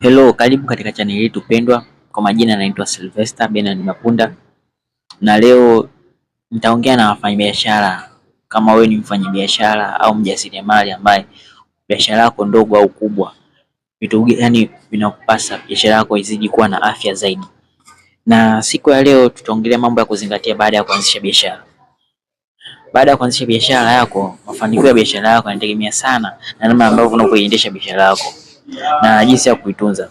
Hello, karibu katika chaneli yetu pendwa. Kwa majina naitwa Sylvester Benard Mapunda, na leo nitaongea na wafanyabiashara. Kama wewe ni mfanyabiashara au mjasiriamali ambaye biashara yako ndogo au kubwa, vitu gani vinakupasa biashara yako izidi kuwa na afya zaidi? Na siku ya leo tutaongelea mambo ya kuzingatia baada ya kuanzisha biashara. Baada ya kuanzisha biashara yako, mafanikio ya biashara yako yanategemea sana na namna ambavyo unapoiendesha biashara yako na jinsi ya kuitunza.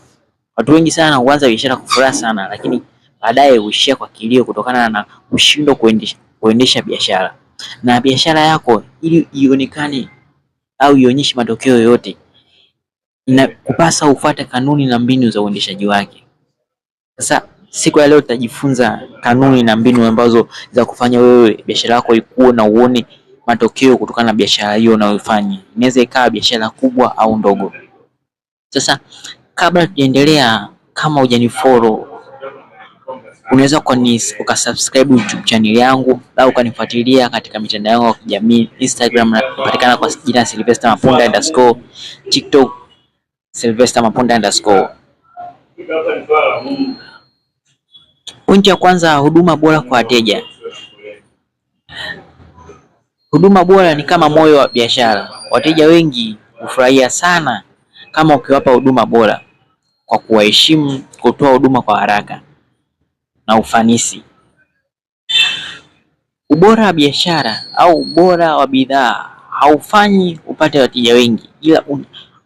Watu wengi sana huanza biashara kwa furaha sana, lakini baadaye huishia kwa kilio kutokana na kushindwa kuendesha, kuendesha biashara. Na biashara yako ili ionekane au ionyeshe matokeo yoyote, na kupasa ufuate kanuni na mbinu za uendeshaji wake. Sasa siku ya leo tutajifunza kanuni na mbinu ambazo za kufanya wewe biashara yako ikuwe na uone matokeo kutokana na biashara hiyo unayofanya. Inaweza ikawa biashara kubwa au ndogo. Sasa kabla tujaendelea, kama hujanifollow unaweza ukasubscribe YouTube channel yangu au ukanifuatilia katika mitandao yangu ya kijamii. Instagram napatikana kwa jina Sylvester Mapunda underscore, TikTok Sylvester Mapunda underscore. Pointi ya kwanza, huduma bora kwa wateja. Huduma bora ni kama moyo wa biashara. Wateja wengi hufurahia sana kama ukiwapa huduma bora kwa kuwaheshimu, kutoa huduma kwa haraka na ufanisi. Ubora wa biashara au ubora wa bidhaa haufanyi upate wateja wengi, ila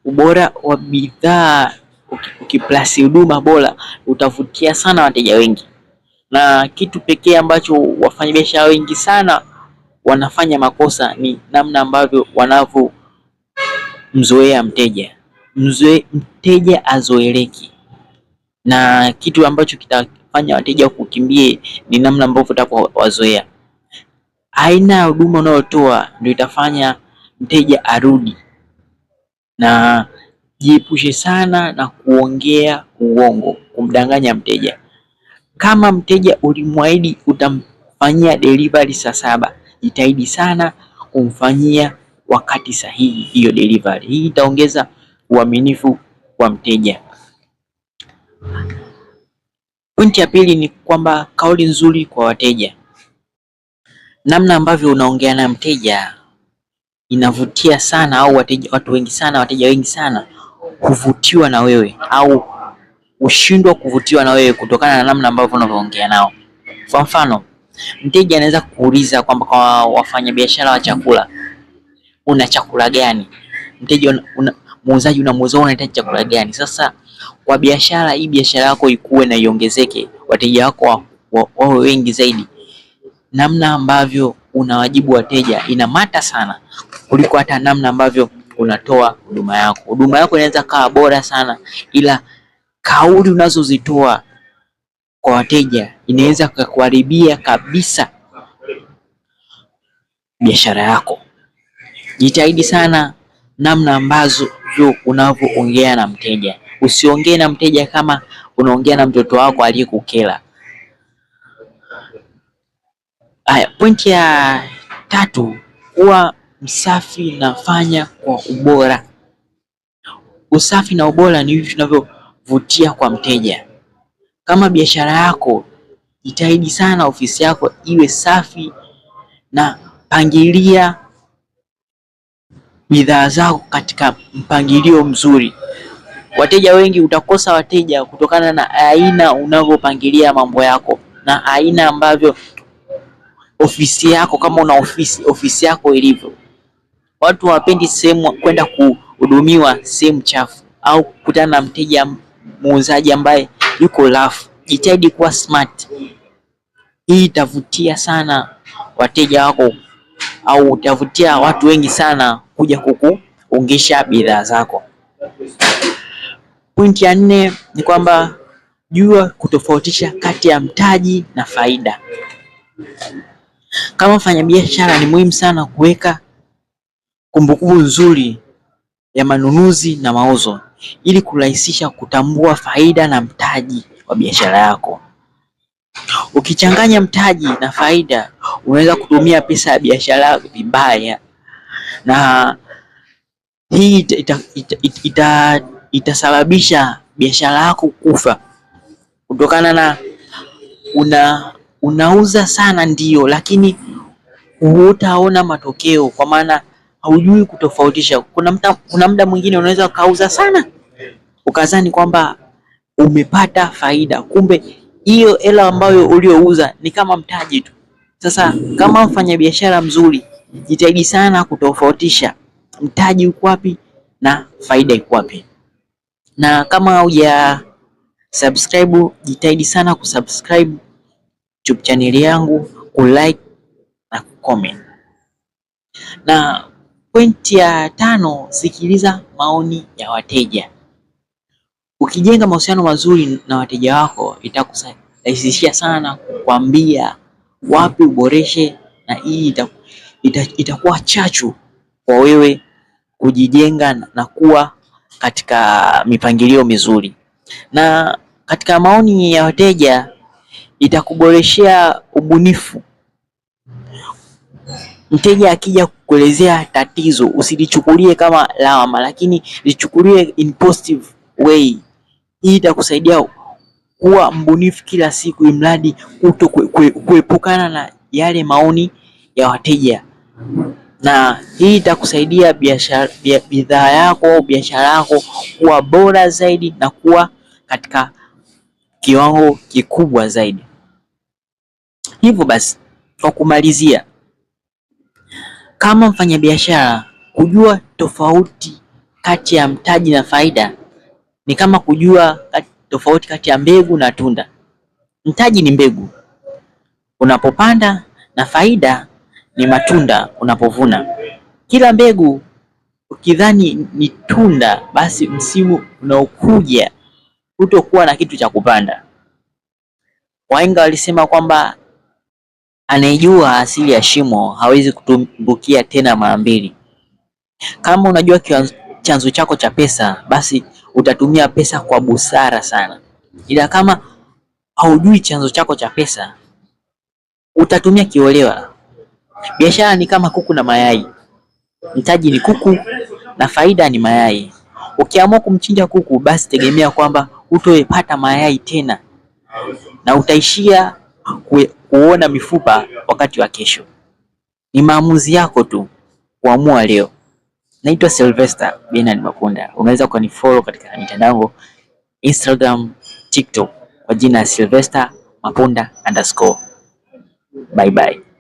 ubora wa bidhaa ukiplasi huduma bora utavutia sana wateja wengi, na kitu pekee ambacho wafanyabiashara wengi sana wanafanya makosa ni namna ambavyo wanavyomzoea mteja mzoe, mteja azoeleki, na kitu ambacho kitafanya wateja kukimbie ni namna ambavyo utakowazoea. Aina ya huduma unayotoa ndio itafanya mteja arudi, na jiepushe sana na kuongea uongo, kumdanganya mteja. Kama mteja ulimwahidi utamfanyia delivery saa saba, jitahidi sana kumfanyia wakati sahihi hiyo delivery. Hii itaongeza uaminifu wa mteja. Pointi ya pili ni kwamba kauli nzuri kwa wateja. Namna ambavyo unaongea na mteja inavutia sana, au wateja, watu wengi sana, wateja wengi sana huvutiwa na wewe au ushindwa kuvutiwa na wewe kutokana na namna ambavyo unavyoongea nao. Kwa mfano, mteja anaweza kuuliza kwamba kwa wafanyabiashara wa chakula, una chakula gani? Mteja una, una, muuzaji unamuuza unahitaji chakula gani? Sasa kwa biashara hii, biashara yako ikue na iongezeke, wateja wako wawe wengi zaidi, namna ambavyo unawajibu wateja ina mata sana kuliko hata namna ambavyo unatoa huduma yako. Huduma yako inaweza kaa bora sana, ila kauli unazozitoa kwa wateja inaweza kukuharibia kabisa biashara yako. Jitahidi sana namna ambazo ndivyo unavyoongea na mteja. Usiongee na mteja kama unaongea na mtoto wako aliyekukela. Haya, pointi ya tatu, kuwa msafi na fanya kwa ubora. Usafi na ubora ni vitu vinavyovutia kwa mteja. Kama biashara yako, jitahidi sana ofisi yako iwe safi na pangilia bidhaa zao katika mpangilio mzuri. Wateja wengi utakosa wateja kutokana na aina unavyopangilia mambo yako na aina ambavyo ofisi yako kama una ofisi, ofisi yako ilivyo. Watu hawapendi sehemu kwenda kuhudumiwa sehemu chafu au kukutana na mteja muuzaji ambaye yuko rafu. Jitahidi kuwa smart, hii itavutia sana wateja wako au utavutia watu wengi sana kuja kukuungisha bidhaa zako. Pointi ya nne ni kwamba jua kutofautisha kati ya mtaji na faida. Kama mfanyabiashara, ni muhimu sana kuweka kumbukumbu nzuri ya manunuzi na mauzo ili kurahisisha kutambua faida na mtaji wa biashara yako. Ukichanganya mtaji na faida, unaweza kutumia pesa ya biashara vibaya na hii itasababisha ita, ita, ita, ita biashara yako kufa kutokana na una unauza sana ndiyo, lakini hutaona matokeo kwa maana haujui kutofautisha. Kuna mta, kuna muda mwingine unaweza ukauza sana ukazani kwamba umepata faida, kumbe hiyo hela ambayo uliouza ni kama mtaji tu. Sasa kama mfanyabiashara mzuri jitahidi sana kutofautisha mtaji uko wapi na faida iko wapi. Na kama uja subscribe, jitahidi sana kusubscribe YouTube channel yangu, kulike na kucomment. Na pointi ya tano, sikiliza maoni ya wateja. Ukijenga mahusiano mazuri na wateja wako itakusaidia sana kukwambia wapi uboreshe, na hii itaku ita, itakuwa chachu kwa wewe kujijenga na kuwa katika mipangilio mizuri, na katika maoni ya wateja itakuboreshea ubunifu. Mteja akija kukuelezea tatizo usilichukulie kama lawama, lakini lichukulie in positive way. Hii itakusaidia kuwa mbunifu kila siku, imradi kuto kuepukana na yale maoni ya wateja na hii itakusaidia biashara bidhaa yako au biashara yako kuwa bora zaidi na kuwa katika kiwango kikubwa zaidi. Hivyo basi, kwa kumalizia, kama mfanyabiashara, kujua tofauti kati ya mtaji na faida ni kama kujua tofauti kati ya mbegu na tunda. Mtaji ni mbegu unapopanda, na faida ni matunda unapovuna. Kila mbegu ukidhani ni tunda, basi msimu unaokuja hutokuwa na kitu cha kupanda. Wahenga walisema kwamba anayejua asili ya shimo hawezi kutumbukia tena mara mbili. Kama unajua chanzo chako cha pesa, basi utatumia pesa kwa busara sana, ila kama haujui chanzo chako cha pesa utatumia kiolewa. Biashara ni kama kuku na mayai, mtaji ni kuku na faida ni mayai. Ukiamua kumchinja kuku, basi tegemea kwamba utoepata mayai tena na utaishia kuona mifupa wakati wa kesho. Ni maamuzi yako tu kuamua leo. Naitwa Sylvester Bernard Mapunda. Unaweza ukanifollow katika mitandao Instagram, TikTok kwa jina Sylvester Makunda underscore. Bye bye.